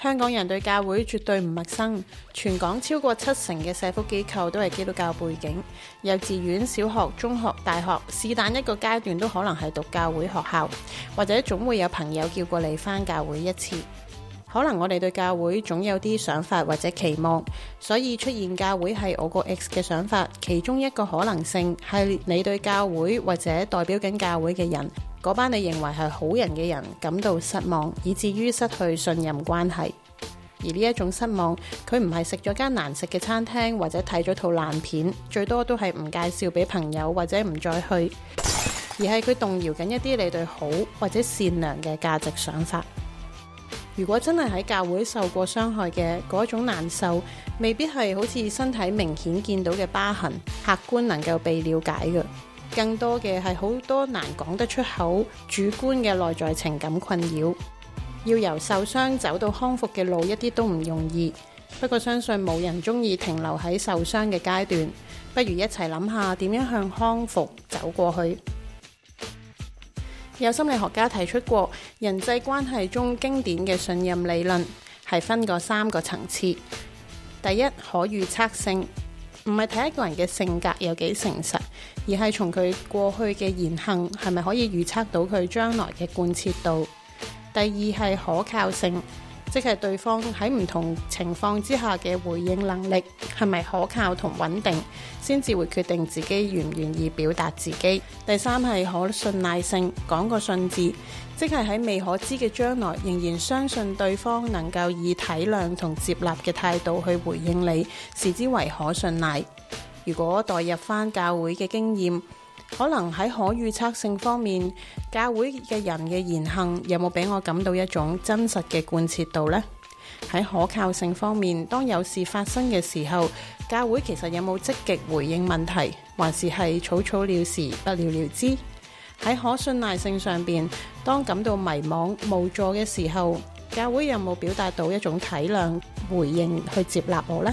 香港人對教會絕對唔陌生，全港超過七成嘅社福機構都係基督教背景。幼稚園、小學、中學、大學，是但一個階段都可能係讀教會學校，或者總會有朋友叫過你返教會一次。可能我哋對教會總有啲想法或者期望，所以出現教會係我個 Ex 嘅想法，其中一個可能性係你對教會或者代表緊教會嘅人。嗰班你認為係好人嘅人感到失望，以至於失去信任關係。而呢一種失望，佢唔係食咗間難食嘅餐廳，或者睇咗套爛片，最多都係唔介紹俾朋友或者唔再去，而係佢動搖緊一啲你對好或者善良嘅價值想法。如果真係喺教會受過傷害嘅嗰種難受，未必係好似身體明顯見到嘅疤痕，客觀能夠被了解嘅。更多嘅係好多難講得出口，主觀嘅內在情感困擾，要由受傷走到康復嘅路一啲都唔容易。不過相信冇人中意停留喺受傷嘅階段，不如一齊諗下點樣向康復走過去。有心理學家提出過人際關係中經典嘅信任理論，係分過三個層次：第一，可預測性。唔係睇一個人嘅性格有幾誠實，而係從佢過去嘅言行係咪可以預測到佢將來嘅貫徹度。第二係可靠性。即係對方喺唔同情況之下嘅回應能力係咪可靠同穩定，先至會決定自己願唔願意表達自己。第三係可信賴性，講個信字，即係喺未可知嘅將來，仍然相信對方能夠以體諒同接納嘅態度去回應你，視之為可信賴。如果代入翻教會嘅經驗。可能喺可預測性方面，教會嘅人嘅言行有冇俾我感到一種真實嘅貫徹度呢？喺可靠性方面，當有事發生嘅時候，教會其實有冇積極回應問題，還是係草草了事、不了了之？喺可信賴性上邊，當感到迷茫無助嘅時候，教會有冇表達到一種體諒回應去接納我呢？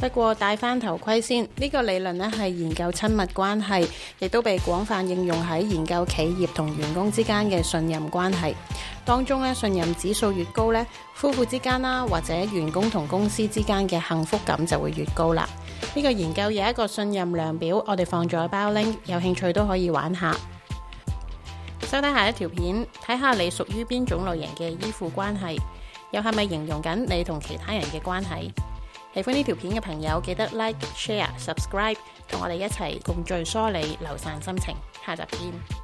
不過戴翻頭盔先，呢個理論咧係研究親密關係，亦都被廣泛應用喺研究企業同員工之間嘅信任關係當中咧。信任指數越高呢，夫婦之間啦，或者員工同公司之間嘅幸福感就會越高啦。呢個研究有一個信任量表，我哋放咗包拎，有興趣都可以玩下。收睇下一條片，睇下你屬於邊種類型嘅依附關係，又係咪形容緊你同其他人嘅關係？喜歡呢條片嘅朋友，記得 Like、Share、Subscribe，同我哋一齊共聚梳理，流散心情。下集見。